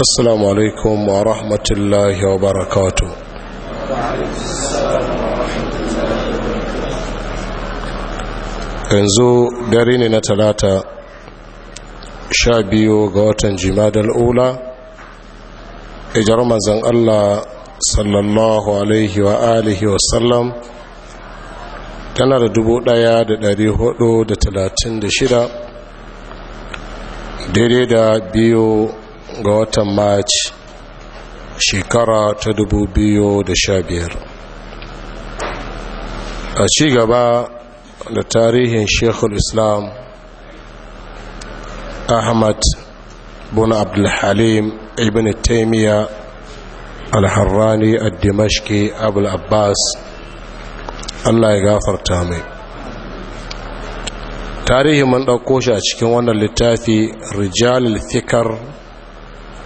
السلام alaikum wa الله wa yanzu dare ne na talata sha biyu ga watan jimadar ula ijar manzan allah sallallahu alaihi wa alihi wasallam tana da dubu daya da dari hudu da talatin da shida daidai da biyu ga watan march shekara ta dubu biyu da sha biyar. a ci gaba da tarihin shekul islam ahmad bin abdulhalim ibn taimiyya alharrani al abul abbas allah ya gafarta mai tarihin mun ɗauko shi a cikin wannan littafi rijalul fikar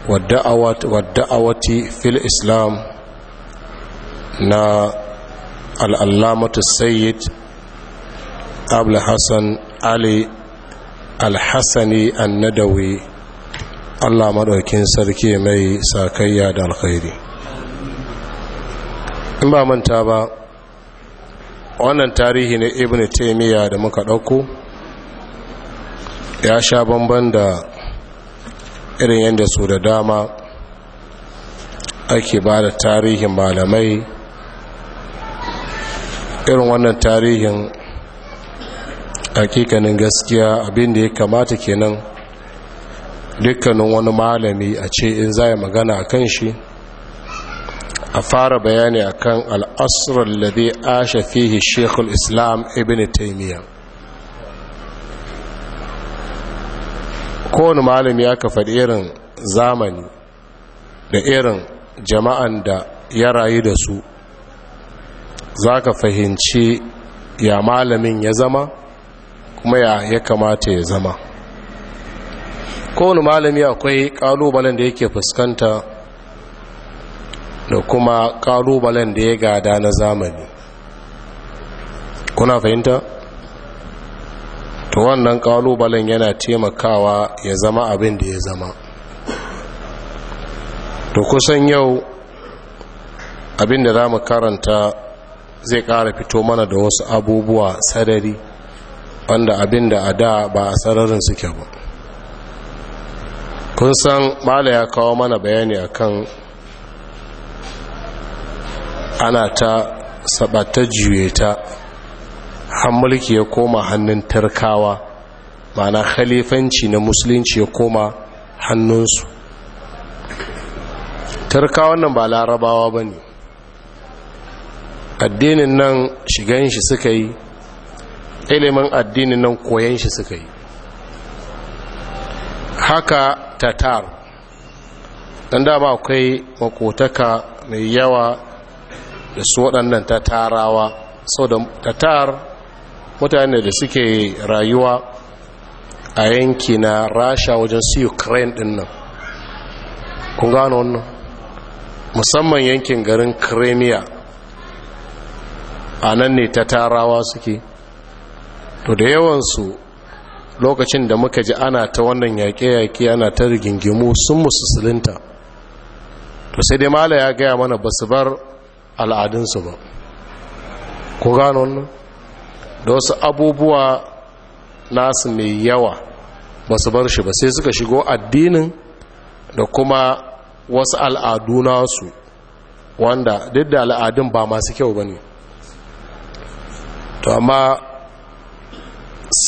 wadda'awati fil islam na al'amatu sayyid abul ali alhassani annadawi allah maɗaukin sarki mai sakayya da alkhairi in ba manta ba wannan tarihi na ibn taimiyya da muka ɗauko ya sha bamban da irin yadda su da dama ake ba da tarihin malamai irin wannan tarihin hakikanin gaskiya abinda ya kamata kenan dukkanin wani malami a ce in za magana a kan shi a fara bayani akan al'asirar zai ashe fihi shekul islam ibn taimiyya kowane malami ya ka faɗi irin zamani da irin jama'an da ya rayu da su za ka fahimci ya malamin ya zama kuma ya ya kamata ya zama kowane malami akwai ƙalubalen da yake fuskanta da kuma ƙalubalen da ya gada na zamani kuna fahimta? to wannan kalubalen yana taimakawa ya zama abin da ya zama to kusan yau abin da za mu karanta zai ƙara fito mana da wasu abubuwa sarari wanda abin da a da ba a sararin suke ba kun san mala ya kawo mana bayani akan ana ta sabata juyeta kan mulki ya koma hannun tarkawa mana khalifanci na musulunci ya koma hannunsu tarkawan nan ba larabawa ba ne addinin nan shigan shi suka yi ilimin addinin nan koyan shi suka yi haka tatar dan dama akwai makotaka mai yawa da su waɗannan tatarawa sau da tatar mutane da suke rayuwa a yanki na rasha wajen su ukraine din nan kun gano wannan musamman yankin garin crimea a nan ne ta tarawa suke to da yawansu lokacin da muka ji ana ta wannan yaƙe-yaƙe ana ta rigingimu sun musulunta to sai dai mala ya gaya mana ba su bar al'adunsu ba ku gano wannan da wasu abubuwa nasu mai yawa ba su bar shi ba sai suka shigo addinin da kuma wasu al'adu nasu wanda duk da al'adun ba masu kyau ba ne to amma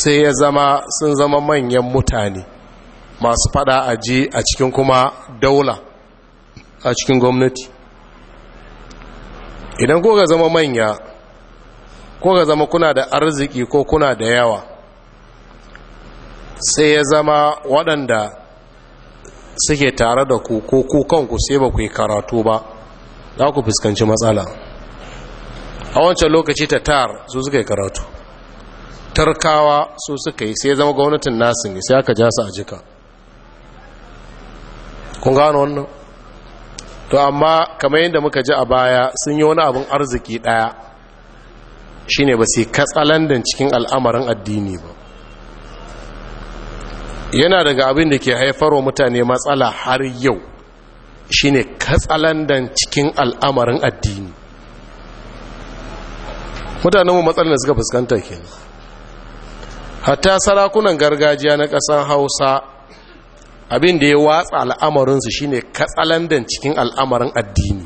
sai ya zama sun zama manyan mutane masu fada ji a cikin kuma daula a cikin gwamnati idan ko zama manya ko ga zama kuna da arziki ko kuna da yawa sai ya zama waɗanda suke tare da ku ko ku kanku sai ba ku yi karatu ba za ku fuskanci matsala a wancan lokaci ta tar su suka yi karatu tarkawa su suka yi sai zama gwamnatin nasin sai aka ja su a jika kun gano wannan to amma kamar yadda muka ji a baya sun yi wani abin arziki ɗaya shine ba sai katsalandan cikin al'amarin addini ba yana daga abin da ke haifarwa mutane matsala har yau shine katsalandan cikin al'amarin addini mutanenmu matsalar da suka fuskanta kenan hatta sarakunan gargajiya na ƙasar hausa abin da ya watsa al'amarinsu shine katsalandan cikin al'amarin addini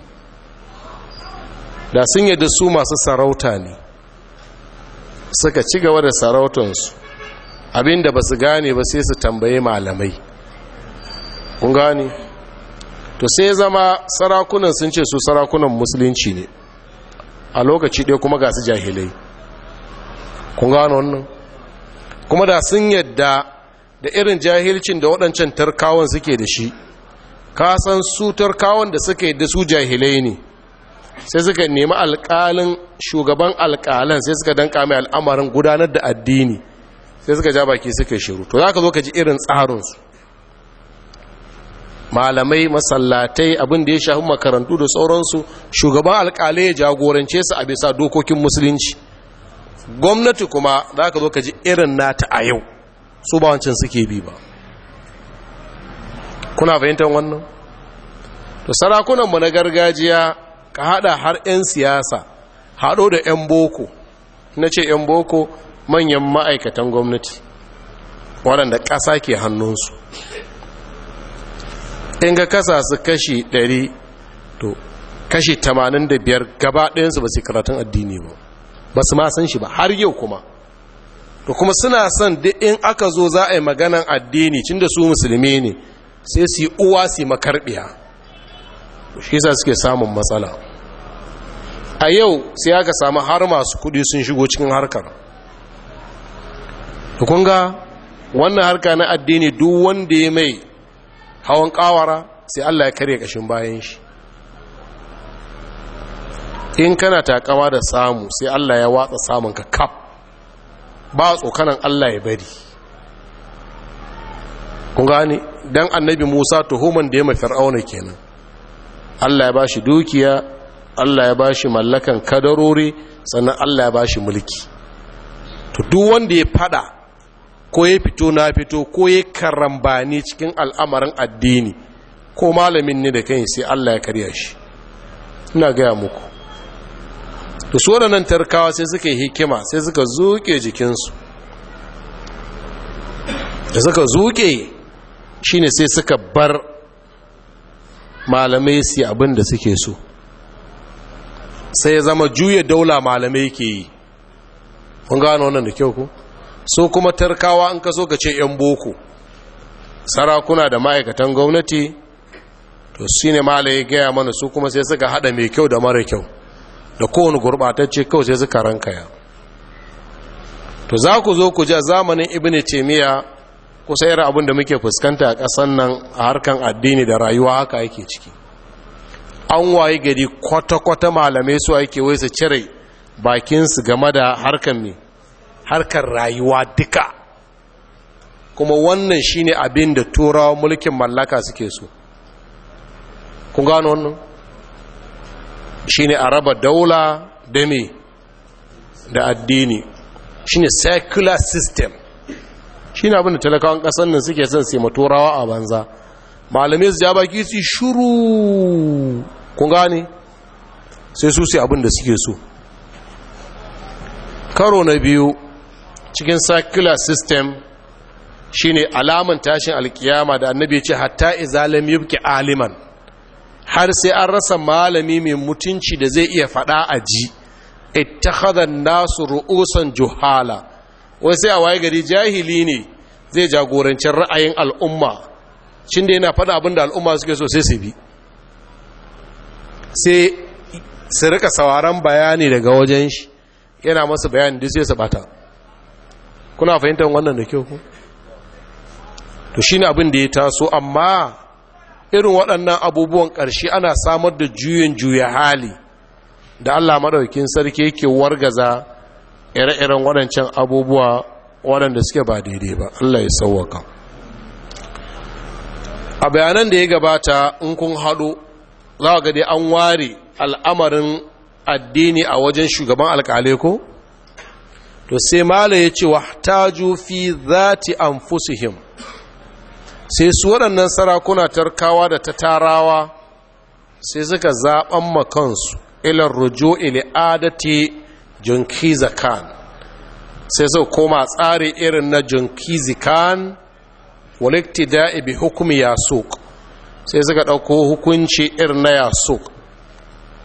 da sun yadda su masu sarauta ne suka ci gaba da sarautansu abinda ba su gane ba sai su tambaye malamai kun gane to sai zama sarakunan sun ce su sarakunan musulunci ne a lokaci ɗaya kuma ga su jahilai kun gane wannan kuma da sun yadda da irin jahilcin da waɗancan tarkawan suke da shi kasan su tarkawan da suke da su jahilai ne sai suka nemi alƙalin shugaban alƙalan sai suka danka mai al'amarin gudanar da addini sai suka ja baki suka shiru to za ka zo ka ji irin tsarinsu malamai masallatai abin da ya shafi makarantu da sauransu shugaban alƙalai ya jagorance su a bisa dokokin musulunci gwamnati kuma za ka zo ka ji irin nata a yau su ba wancan suke bi ba kuna fahimtar wannan to sarakunanmu na gargajiya ka haɗa har 'yan siyasa haɗo da 'yan boko na ce 'yan boko manyan ma'aikatan gwamnati waɗanda ƙasa ke hannunsu in ga kasa su kashi 100 to kashi 85 gaba ɗayansu ba su karatun addini ba ba su ma san shi ba har yau kuma to kuma suna son duk in aka zo za a yi maganan addini cin da su musulmi ne sai su yi uwa su yi makarbiya shi sa suke samun matsala a yau sai aka samu har masu kudi sun shigo cikin harkar hukunga wannan harka na addini duk wanda ya mai hawan kawara sai allah ya karya kashin bayan shi in kana takawa da samu sai allah ya watsa samun ka kaf ba tsokanan allah ya bari kun ne don annabi musa tuhuman da ya mafi fir'auna kenan Allah ya bashi dukiya Allah ya bashi mallakan kadarori sannan Allah ya bashi mulki to duk wanda ya fada ko ya fito na fito ko ya karambani cikin al'amarin addini ko malamin ne da kai sai Allah ya karya shi ina gaya muku to su waɗannan tarkawa sai suka yi hikima sai suka zuke jikinsu da suka zuke shine sai suka bar malamai su abin da suke so sai ya zama juya daula malamai ke yi kun gano wannan da kyau ku so kuma tarkawa an ka so ka ce 'yan boko sarakuna da ma'aikatan gwamnati to shi ne mala ya gaya mana su kuma sai suka hada mai kyau da mara kyau da kowane gurbatacce kawai sai suka rankaya to za ku zo ku ja zamanin ibn temiya kusa irin abin da muke fuskanta a ƙasan nan a harkan addini da rayuwa haka yake ciki an waye gari kwata-kwata malamai su ake wai su cire bakinsu game da harkan mai harkar rayuwa duka kuma wannan shine abin da turawa mulkin mallaka suke so kun gano wannan shine a raba daula da me da addini shine secular system shi ne abin da talakawan ƙasar nan suke son sai maturawa a banza malamai su ja baki su shuru kun gane sai su sai abin da suke so karo na biyu cikin circular system shine alaman tashin alkiyama da annabi ce hatta izalam yubki aliman har sai an rasa malami mai mutunci da zai iya fada a ji ittakhadha nasu ru'usan juhala wai sai a waye gari jahili ne zai jagoranci ra'ayin al'umma shi da yana faɗa abin da al'umma suke so sai su bi sai su rika sauraron bayani daga wajen shi yana masa bayani da sai su bata kuna fahimtar wannan da kyau ku to ne abin da ya taso amma irin waɗannan abubuwan ƙarshe ana samar da juyin juya hali da Allah madaukin sarki yake wargaza ire-iren waɗancan abubuwa waɗanda suke ba daidai ba allah ya sauwaka a bayanan da ya gabata in kun haɗu za ga dai an ware al'amarin addini a wajen shugaban alƙalai ko to sai mala ya ce wahtaju fi zati anfusihim sai su waɗannan sarakuna tarkawa da ta tarawa sai suka zaɓan makansu ilar rujo ili adati junkiza khan sai sau koma tsari irin na junkizi khan walikti da'i bi hukumi suk sai suka ɗauko hukunci irin na ya suk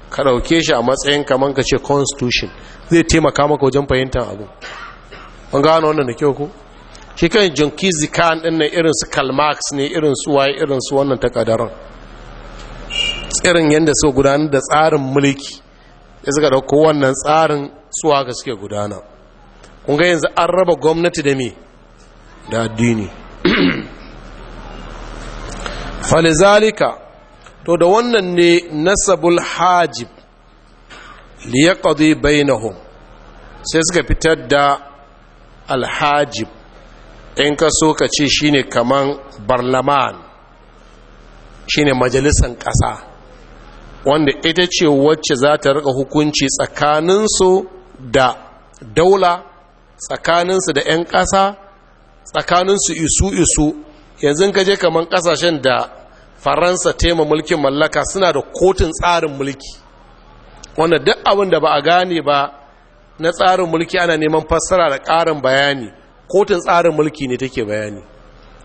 ka ɗauke shi a matsayin kamar ka ce constitution zai taimaka maka wajen fahimtar abu an gano wannan da kyau ku shi kan junkizi khan ɗin na irin su kalmax ne irin su waye irin su wannan takadaran irin yadda sau gudanar da tsarin mulki sai suka ɗauko wannan tsarin suwa ga suke gudana kunga yanzu an raba gwamnati da mi da addini falizalika to da wannan ne nasabul hajib liyaqdi bainahu sai suka fitar da alhajib in ka so ka ce shine kaman barlaman shine majalisan ƙasa wanda ita ce wacce za ta rika hukunci tsakaninsu da daula tsakaninsu da 'yan ƙasa tsakaninsu isu-isu yanzu ka je kamar ƙasashen da faransa tema mulkin mallaka suna da kotun tsarin mulki wanda duk abin da ba a gane ba na tsarin mulki ana neman fassara da ƙarin bayani kotun tsarin mulki ne take bayani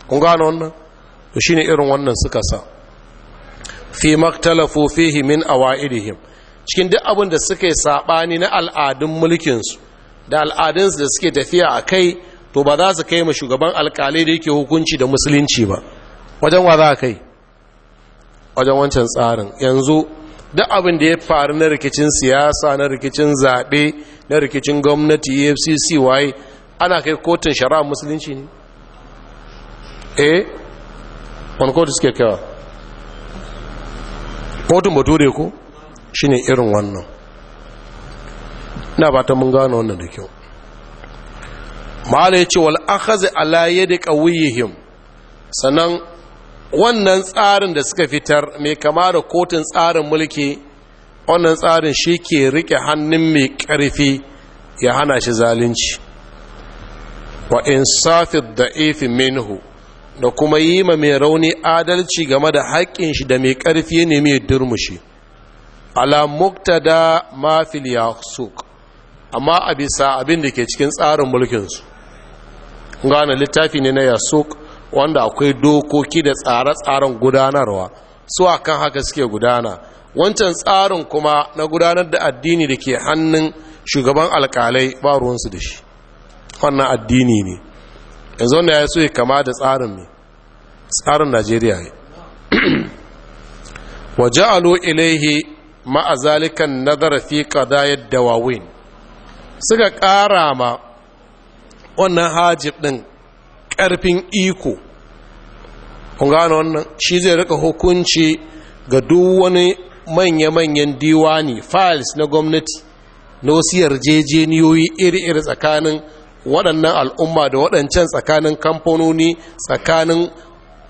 kun gane wannan to shine irin wannan suka sa fi maktalafu fihi min awaidihim cikin duk abin da suka yi saɓani na al'adun mulkinsu da al'adunsu da suke tafiya a kai to ba za su kai ma shugaban alkalai da yake hukunci da musulunci ba wajen wa za a kai wajen wancan tsarin yanzu duk abin da ya faru na rikicin siyasa na rikicin zaɓe na rikicin gwamnati efcc waye ana kai kotun shari'a musulunci ne eh wani kotu suke kaiwa kotun bature ko shine irin wannan ina ba ta mun gano wannan da kyau ma'ala ya ce wal akhazi ala yadi qawiyihim sannan wannan tsarin da suka fitar mai kama da kotun tsarin mulki wannan tsarin shi ke rike hannun mai ƙarfi ya hana shi zalunci wa da efi minhu da kuma yi ma mai rauni adalci game da haƙƙin shi da mai ƙarfi ne mai durmushi ala muktada fil yaqsuq amma abisa abin da ke cikin tsarin mulkin su. gane littafi ne na yasuk wanda akwai dokoki da tsare-tsaren gudanarwa su akan haka suke gudana wancan tsarin kuma na gudanar da addini da ke hannun shugaban alkalai ba ruwansu da shi wannan addini ne yanzu wanda ya so ya kama da tsarin ne tsarin najeriya ne waje alo ilaihi ma'a zalikan nazara fi qadayat dawawin suka ƙara ma wannan hajib ɗin ƙarfin iko kun gano wannan shi zai rika hukunci ga duk wani manya-manyan diwani files na gwamnati na wasu yarjejeniyoyi iri-iri tsakanin waɗannan al'umma da waɗancan tsakanin kamfanoni tsakanin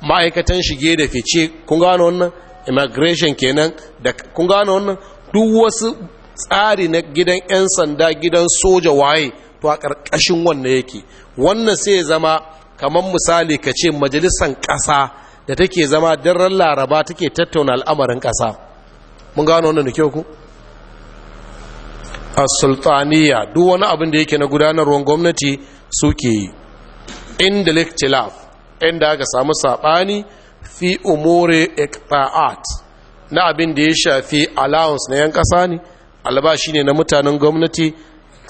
ma'aikatan shige da fice kun gano wannan immigration kenan da kun gano wannan duk wasu tsari na gidan 'yan sanda gidan soja waye to a ƙarƙashin wannan yake wannan sai ya zama kamar misali ka ce majalisan ƙasa da take zama daren laraba take tattauna al'amarin ƙasa mun gano wannan da kyau ku a sultaniya duk wani abin da yake na gudanarwar gwamnati suke yi inda inda aka samu saɓani fi umuri ekpa'at na abin da ya shafi allowance na yan kasa ne albashi ne na mutanen gwamnati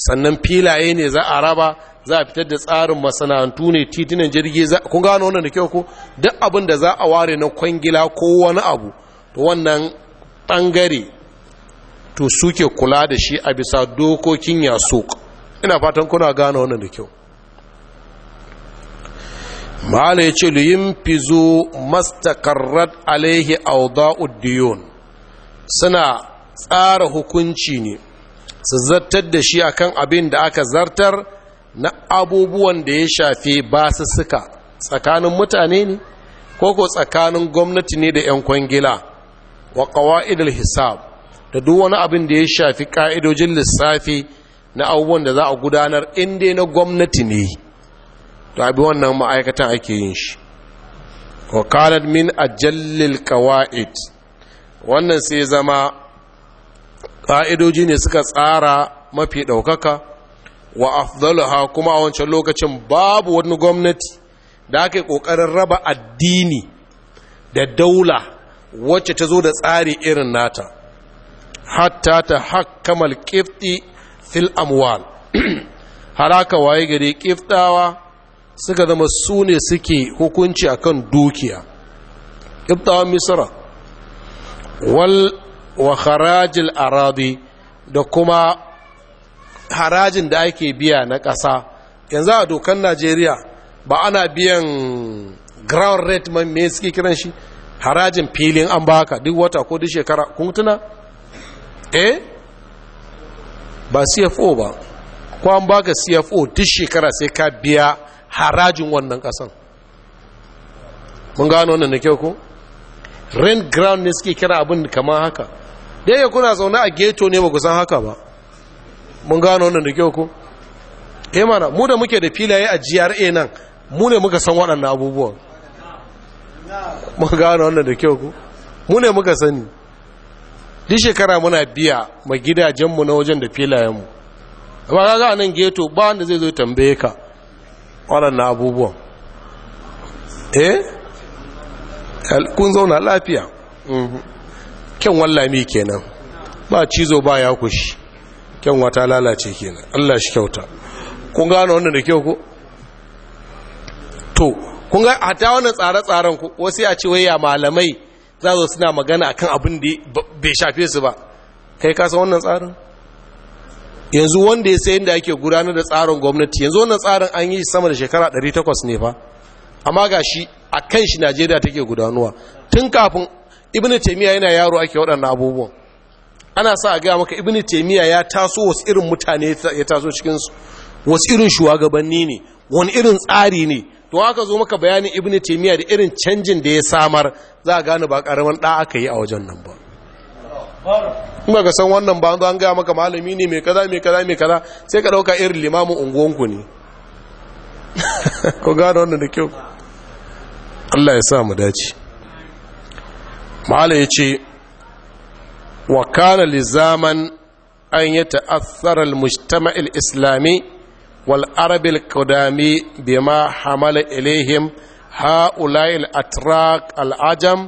sannan filaye ne za a raba za a fitar da tsarin masana'antu ne titunan jirgi kun gano wannan da kyau ko duk abin da za a ware na kwangila ko wani abu to wannan bangare to suke kula da shi a bisa dokokin yasuk ina fatan kuna gano wannan da kyau mala ya ce luyin fizo mastakarrat alaihi auda'uddiyon suna tsara hukunci ne su zartar da shi akan abin da aka zartar na abubuwan da ya shafi suka tsakanin mutane ne ko ko tsakanin gwamnati ne da 'yan kwangila wa ƙawa'idar hisab da duk wani abin da ya shafi ka'idojin lissafi na abubuwan da za a gudanar inda na gwamnati ne to wannan ma'aikatan ake yin shi wakalar min ajallil qawaid wannan sai zama ƙa'idoji ne suka tsara mafi ɗaukaka wa afdalha kuma a wancan lokacin babu wani gwamnati da aka yi ƙoƙarin raba addini da daula wacce ta zo da tsari irin nata hatta ta hakkamal kifti fil amwal har aka waye gari kiftawa suka zama su ne suke hukunci akan dukiya ibtawan misra wal wa harajin arabi da kuma harajin da ake biya na ƙasa yanzu a dokan najeriya ba ana biyan ground rate man me suke kiran shi harajin filin an baka duk wata ko duk shekara kun tuna eh ba cfo ba ko an baka cfo duk shekara sai ka biya harajin wannan kasan mun gano wannan da kyau ku rent ground ne suke kira abin kama haka da yake kuna zaune a ghetto ne ba ku san haka ba mun gano wannan da kyau ku e eh mana mu da muke da filaye a GRA nan mu ne muka san waɗannan abubuwan mun gano wannan da kyau ku mu ne muka sani di shekara muna biya ma gidajenmu na wajen da filayenmu ba ga a nan ghetto ba wanda zai zo tambaye ka waɗannan abubuwan eh kun zauna lafiya mhm. kyan wallami kenan ba cizo ba ya kushi kyan wata lalace kenan Allah shi kyauta kun gano wannan da kyau ko to kun ga hata wannan tsare-tsaren ku wasu ya ce wai ya malamai za su suna magana akan abin da bai shafe su ba kai kasa wannan tsarin yanzu wanda ya sai da ake gudanar da tsarin gwamnati yanzu wannan tsarin an yi sama da shekara 800 ne fa amma ga shi a kan shi najeriya take gudanuwa tun kafin ibn taimiyya yana yaro ake waɗannan abubuwan ana sa a gaya maka ibn taimiyya ya taso wasu irin mutane ya taso cikinsu wasu irin shugabanni ne wani irin tsari ne don haka zo maka bayanin ibn taimiyya da irin canjin da ya samar za a gane ba ƙaramin ɗa aka yi a wajen nan ba in ba ka san wannan ba an gaya maka malami ne mai kaza mai kaza mai kaza sai ka dauka irin limamin unguwanku ne ko gano wannan da kyau Allah ya sa mu dace malai ya ce wa kana li zaman an ya ta'athara al-mujtama' al-islami wal arab al-qadami bima hamala ilayhim ha'ula'i al-atraq al-ajam al atraq al ajam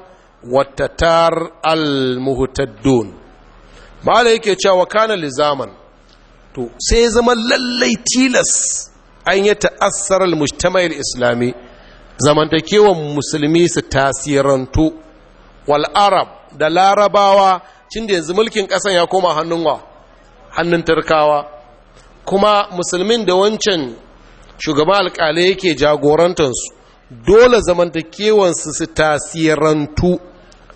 watatar al-muhtaddun mala yake cewa kana li zaman to sai zama lallai tilas an yi ta'assar al-mujtama'il islami zamantakewan musulmi su tasirantu wal arab da larabawa cin da yanzu mulkin kasan ya koma hannun wa hannun turkawa kuma musulmin da wancan shugaban alƙalai yake jagorantansu dole zamantakewansu su tasirantu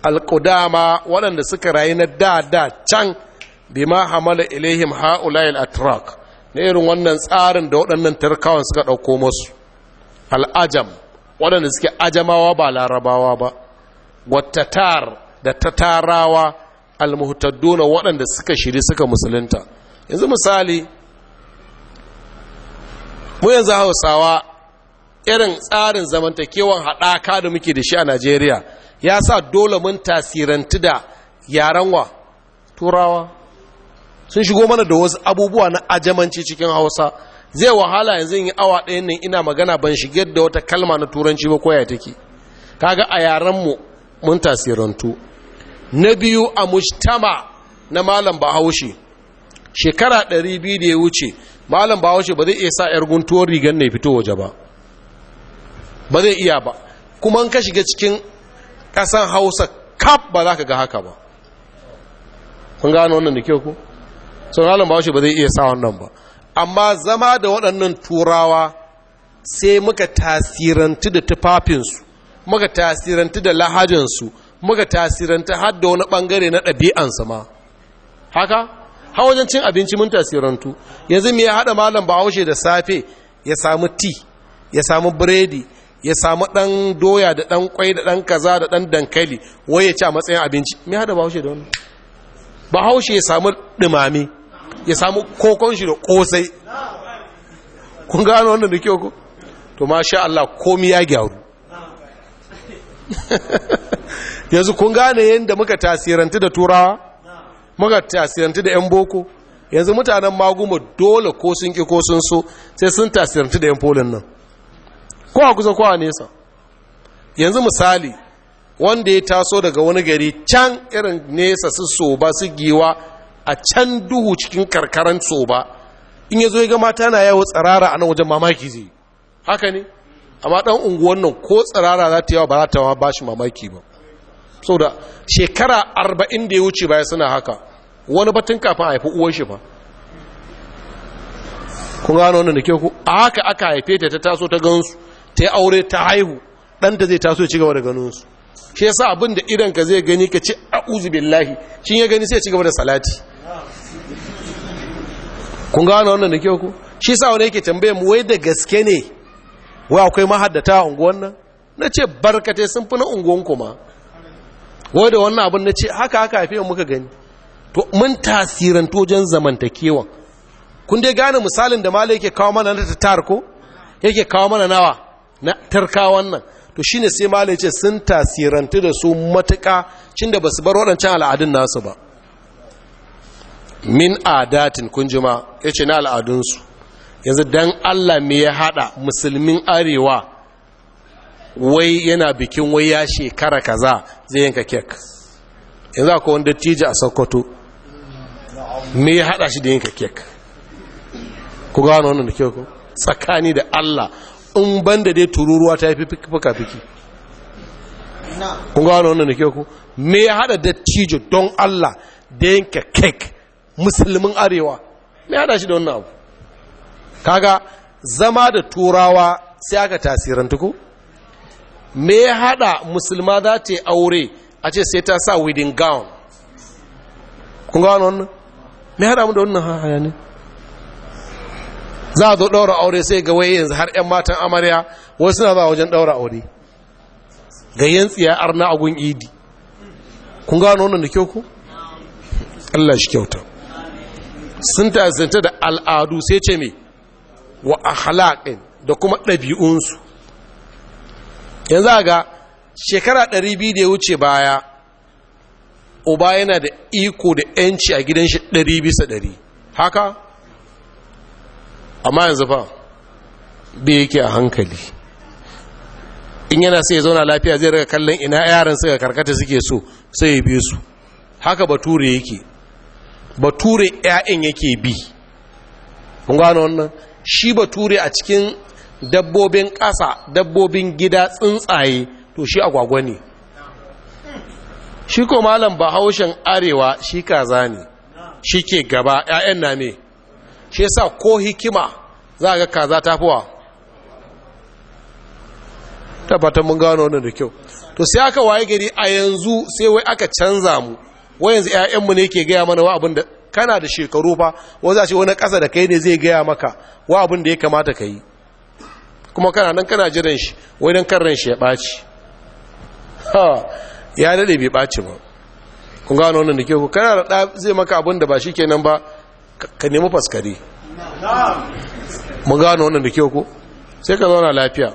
alƙudama waɗanda suka rayu na da da can bima hamala ilaihim a atrak na irin wannan tsarin da waɗannan tarkawan suka ɗauko masu al'ajam waɗanda suke ajamawa ba larabawa ba wattatar da tatarawa almuhtadduna waɗanda suka shiri suka musulunta yanzu misali mu yanzu hausawa irin tsarin zamantakewan haɗaka da muke da shi a najeriya ya sa dole mun tasirantu da yaren wa turawa sun shigo mana da wasu abubuwa na ajamanci cikin hausa zai wahala yanzu yi awa ɗayan nan ina magana ban shige da wata kalma na turanci ba koya take kaga a yarenmu mun tasirantu na biyu a mujtama na malam bahaushe shekara 200 da ya wuce malam bahaushe ba zai iya sa yar guntuwar rigar ne fito waje ba ba zai iya ba kuma in ka shiga cikin Kasan hausa kaf ba za ka ga haka ba kun gano wannan da kyau ku sauran bahaushe ba zai iya sa wannan ba amma zama da waɗannan turawa sai muka tasirantu da tufafinsu muka tasirantu da lahajinsu, muka tasirantu har da wani ɓangare na ɗabi'ansu ma haka har cin abinci mun tasirantu yanzu mai ya haɗa malam bahaushe da safe ya samu ti ya samu biredi ya samu ɗan doya da ɗan kwai da ɗan kaza da ɗan dankali wai ya ci a matsayin abinci me hada bahaushe da wannan bahaushe ya samu ɗumame ya samu kokon shi da ƙosai kun gano wannan da kyau ko to masha Allah komi ya gyaru yanzu kun gane yadda muka tasirantu da turawa muka tasirantu da 'yan boko yanzu mutanen maguma dole ko sun ƙi ko sun so sai sun tasirantu da 'yan polin nan ko a kusa ko a nesa yanzu misali wanda ya taso daga wani gari can irin nesa su soba su giwa a can duhu cikin karkaran soba in ya zo ya ga mata na yawo tsirara a nan wajen mamaki zai haka ne amma dan unguwan nan ko tsirara za ta yawa ba za ta ba shi mamaki ba da shekara arba'in da ya wuce baya suna haka wani batun kafin a haifi uwan shi ba kun gano wannan da ke ku a haka aka haife ta ta taso ta gansu ta yi aure ta haihu ɗanta zai taso ci gaba da ganinsu shi yasa abin da idan ka zai gani ka ce a'udhu billahi shi ya gani sai ci gaba da salati kun gano wannan da kyau ku shi yasa wani yake tambaye mu wai da gaske ne wai akwai mahaddata a unguwan nan na ce barkatai sun fi na unguwan ku ma. wai da wannan abin na ce haka haka haife muka gani to mun tasiranto wajen zamantakewa kun dai gane misalin da malai yake kawo mana na ta ko yake kawo mana nawa na tarkawan nan to shine sai malai ce sun tasirantu da su matuka cin da ba su bar waɗancan al'adun nasu ba min adatin kun jima ya ce na al'adunsu yanzu dan allah me ya haɗa musulmin arewa wai yana bikin wai ya shekara kaza zai yanka kek yanzu akwai wanda tije a sokoto me ya haɗa shi da yanka kek ku gano wannan da kyau ku tsakani da allah in banda dai tururuwa ta yi fuka fiki kun wani wannan da ku me ya hada dattijo don Allah da yanka kek musulmin arewa me hada shi da wannan abu kaga zama da turawa sai aka tasirantu ku me ya hada musulma za ta yi aure a ce sai ta sa wedding gown Kunga wani wannan me hada mu da wannan hayani za a zo ɗaura aure sai ga waye yanzu har 'yan matan amarya wasu suna za wajen ɗaura aure ga yin ya arna agun idi kun gano wannan da kyau ku? Allah shi kyauta sun tasirta da al'adu sai ce mai wa ahlaƙin da kuma ɗabi'unsu yanzu ga shekara 200 da ya wuce baya uba yana da iko da 'yanci a gidan shi 200 bisa 100 haka? amma yanzu fa bi yake a hankali in yana sai ya zauna lafiya zai rika kallon ina yaran suka karkata suke so sai ya bi su haka bature yake bature 'ya'yan yake bi kun gano wannan shi bature a cikin dabbobin ƙasa dabbobin gida tsuntsaye to shi agwagwa ne shi ko malam bahaushen arewa shi kaza ne shi ke gaba 'ya'yan na ne shi yasa ko hikima za ga kaza ta fiwa tabbatar mun gano wannan da kyau to sai aka waye gari a yanzu sai wai aka canza mu wai yanzu ƴaƴanmu ne ke gaya mana wa abin da kana da shekaru fa za shi wani ƙasa da kai ne zai gaya maka wa abin da ya kamata ka yi kuma kana nan kana jiran shi wai nan kan shi ya ɓaci ha ya dade bai ɓaci ba kun gano wannan da kyau kana da zai maka abin da ba shi kenan ba ka nemi faskari mun gano wannan da kyau ko sai ka zauna lafiya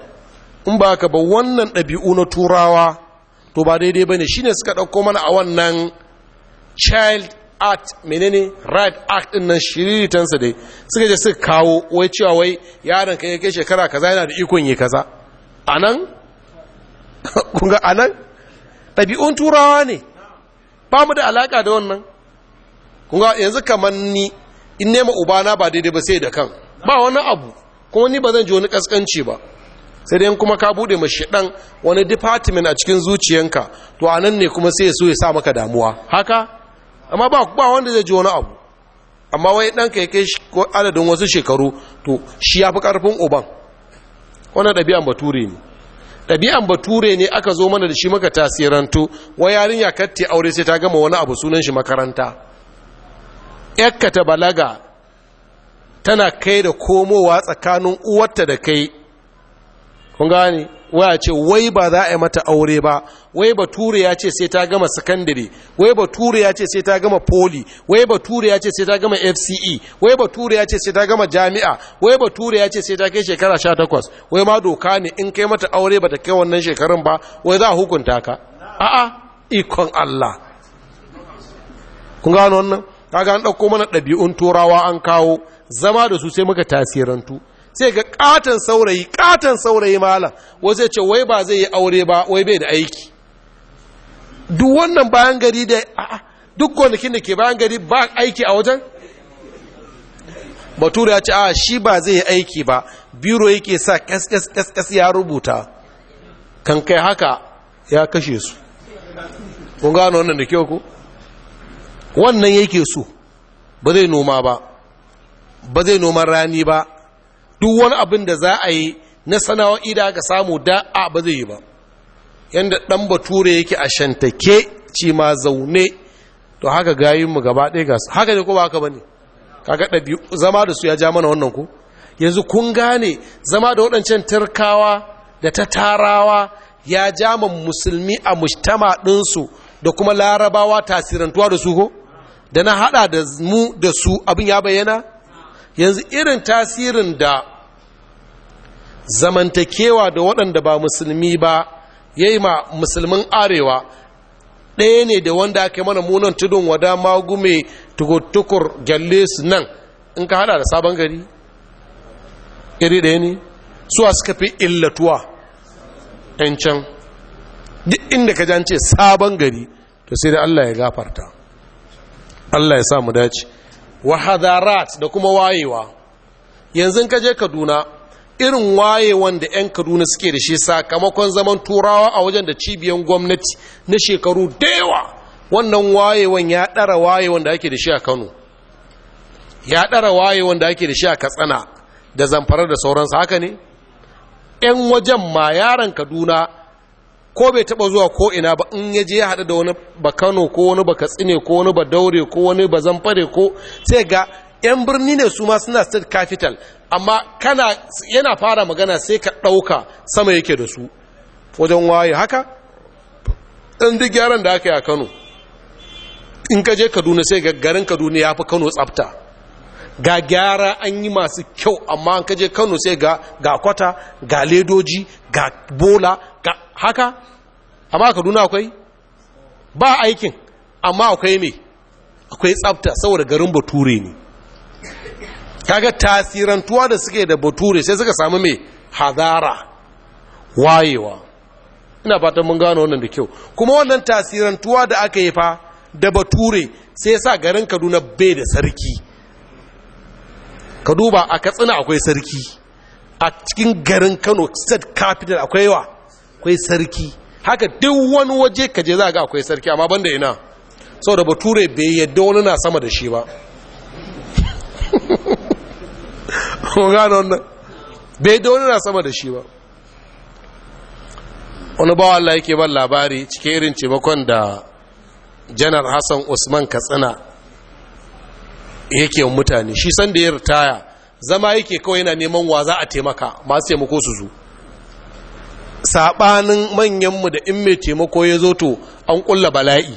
in ba ka ba wannan ɗabi'u na turawa to ba daidai ba ne shi ne suka ɗauko mana a wannan child art menene right act ɗin nan shiriritansa dai suka je suka kawo wai cewa wai yaron ka yake shekara kaza yana da ikon yi kaza a nan kunga a nan ɗabi'un turawa ne ba mu da alaƙa da wannan kunga yanzu kamar ni in nema ubana ba daidai ba sai da kan ba wani abu kuma ni ba zan ji wani kaskanci ba sai dai kuma ka bude ma shedan wani department a cikin zuciyanka to a nan ne kuma sai ya so ya sa maka damuwa haka amma ba ba wanda zai ji wani abu amma wai dan ka kai adadin wasu shekaru to shi yafi karfin uban Wani dabi'an bature ne ɗabi'an bature ne aka zo mana da shi maka tasirantu wai yarinya katti aure sai ta gama wani abu sunan shi makaranta yakka ta balaga tana kai da komowa tsakanin uwarta da kai kun gani waya ce wai ba za a yi mata aure ba wai ba Ture ya ce sai ta gama sakandare wai ba Ture ya ce sai ta gama poli wai ba Ture ya ce sai ta gama fce wai ba Ture ya ce sai ta gama jami'a wai ba Ture ya ce sai ta kai shekara sha takwas wai ma doka ne in kai mata aure ba ta kai wannan shekarun ba wai za a hukunta ka a'a ikon allah kun gano wannan kaga an ɗauko mana ɗabi'un turawa an kawo zama da su sai muka tasirantu sai ga katon saurayi katon saurayi malam wasu ce wai ba zai yi aure ba wai bai da aiki duk wannan bayan gari da a'a duk gonakin da ke bayan gari ba aiki a wajen bature ya ce a shi ba zai yi aiki ba biro yake sa kaskaskas ya rubuta kan kai haka ya kashe su kun gano wannan da kyau ku? wannan yake so ba zai noma ba ba zai noman rani ba duk wani abin da za a yi na sana'o'i da aka samu da a ba zai yi ba yadda ɗan bature yake a shantake ci ma zaune to haka mu gaba ɗaya gasu haka ne ko ba haka ba ne kaga ɗabi'u zama da su ya ja mana wannan ku yanzu kun gane zama da waɗancan turkawa da ta tarawa ya ja musulmi a mujtama ɗinsu da kuma larabawa tasirantuwa da su ko da na hada da mu da su abin ya bayyana yanzu irin tasirin da zamantakewa da waɗanda ba musulmi ba ya yi ma musulmin arewa ɗaya ne da wanda aka mana munan tudun wada magume tukutukur gyalle su nan in ka hada da sabon gari iri ɗaya ne suwa suka fi illatuwa ɗancan duk inda ka jance sabon gari to sai da Allah ya gafarta Allah ya sa mu dace wa hadarat da kuma wayewa yanzu ka je Kaduna irin wayewan da 'yan Kaduna suke da shi sakamakon zaman turawa a wajen da cibiyan gwamnati na shekaru da yawa wannan wayewan ya ɗara wayewan da ake da shi a Kano ya ɗara wayewan da ake da shi a Katsina da zamfarar da sauransu haka ne 'yan wajen ma yaran Kaduna ko bai taba zuwa ko ina ba in ya je ya hada da wani ba Kano ko wani ba Katsine ko wani ba Daure ko wani ba bazamfare ko sai ga yan birni ne su ma suna state capital amma kana yana fara magana sai ka ɗauka sama yake da su wajen waye haka ɗan duk gyaran da aka yi a kano in ka je kaduna sai garin kaduna ya fi kano tsafta ga gyara an yi masu kyau amma an kaje kano sai ga ga kwata ga ledoji ga bola haka amma kaduna akwai ba aikin amma akwai me akwai tsafta saboda garin bature ne kaga tasirantuwa da suke da bature sai suka samu mai hazara wayewa ina fatan mun gano wannan da kyau kuma wannan tasirantuwa da aka yi fa da bature sai sa garin kaduna bai da sarki ka duba a katsina akwai sarki a cikin garin kano state capital akwai wa akwai sarki haka duk wani waje ka je za ga akwai sarki amma banda ina saboda bature bai yadda wani na sama da shi ba bai yadda wani na sama da shi ba wani bawa Allah yake ban labari cike irin cimakon da janar hassan usman katsina yake mutane shi sanda ya ritaya zama yake kawai yana neman wa za a taimaka masu taimako su zuwa Sabanin manyanmu da in mai taimako ya zo to an ƙulla bala'i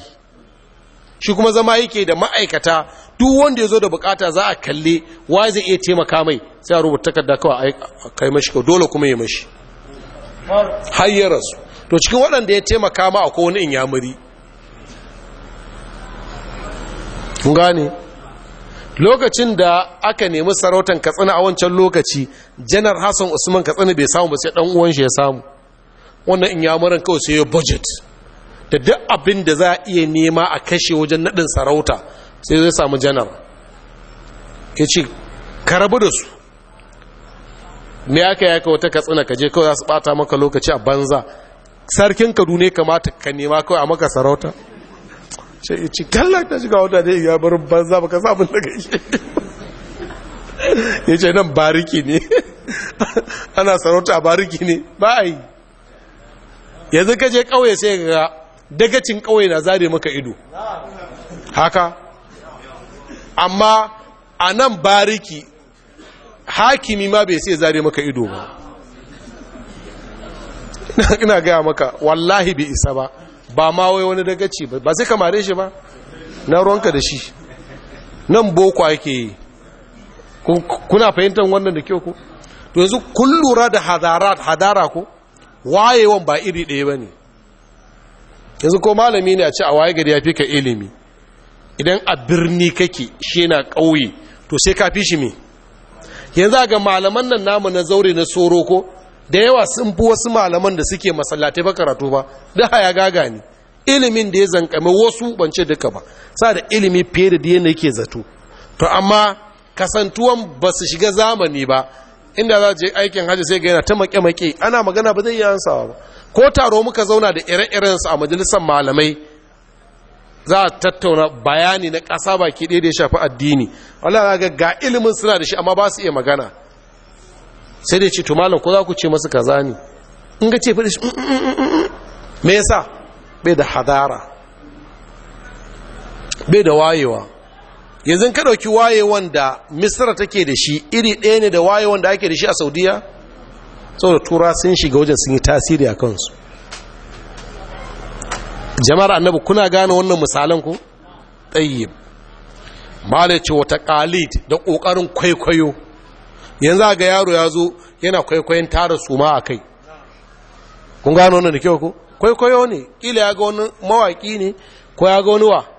shi kuma zama yake da ma'aikata duk wanda ya zo da bukata za a kalle wa zai iya taimaka mai sai a rubuta takarda kawai a kai mashi kawai dole kuma ya mashi hayyararsu to cikin waɗanda ya taimaka ma a wani in yamuri gane lokacin da aka nemi sarautan katsina a wancan lokaci janar hassan usman katsina bai samu ba sai ɗan uwan shi ya samu wannan in yamuran kawai sai ya budget da duk abin da za a iya nema a kashe wajen naɗin sarauta sai zai samu janar ya ce ka rabu da su me aka yaka wata katsina ka je kawai za su bata maka lokaci a banza sarkin kadu ne kamata ka nema kawai a maka sarauta sai ya ce kalla ta shiga wata ne ya barin banza baka samun daga ishe ya ce nan bariki ne ana sarauta a bariki ne ba a yi yanzu ka je sai ga dagacin kauye na zare maka ido haka amma a nan bariki hakimi ma bai sai zare maka ido ba ina gaya maka wallahi bai isa ba ba ma wai wani dagaci ba ba sai kamare shi ba na ruwanka da shi nan boko ake yi kuna fahimtar wannan da kyau ku to yanzu kun lura da hadara ku wayewan ba iri ɗaya ba ne yanzu ko malami ne a ce a waye gari ya fi ka ilimi idan a birni kake shi yana ƙauye to sai ka fi shi me yanzu ga malaman nan namu na zaure na tsoro ko da yawa sun fi wasu malaman da suke masallatai ba karatu ba da haya gaga ne ilimin da ya zankame wasu bance duka ba sa da ilimi fiye da yadda yake zato to amma kasantuwan ba su shiga zamani ba inda za je aikin hajji sai ga yana ta maƙe-maƙe ana magana ba zai yi ansawa ba ko taro muka zauna da ire-irensu a majalisar malamai za a tattauna bayani na ƙasa baki ɗaya da ya shafi addini Allah ga ga ilimin suna da shi amma ba su iya magana sai dai ce to malam ko za ku ce masu kaza ne in ga ce faɗi shi mm, mm, mm, me yasa bai da hadara bai da wayewa yanzu ka ɗauki wayewan da misra take da shi iri ɗaya ne da wayewan da ake da shi a saudiya saboda tura sun shiga wajen sun yi tasiri a kansu jama'ar annabi kuna gane wannan misalan ku ɗayyib da ce wata ƙalid da ƙoƙarin kwaikwayo yanzu ga yaro ya zo yana kwaikwayon tara suma a kai kun gano wannan da kyau ku kwaikwayo ne ƙila ya ga wani mawaƙi ne ko ya ga wani wa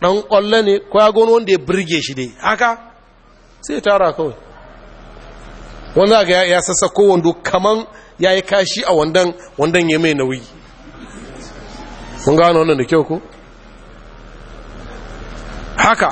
ɗan ƙwallo ne ko ya gano wanda ya birge shi dai haka sai tara kawai wanda ga ya sassa ko wando kaman ya yi kashi a wandan wandan ya mai nauyi mun gano wannan da kyau ko haka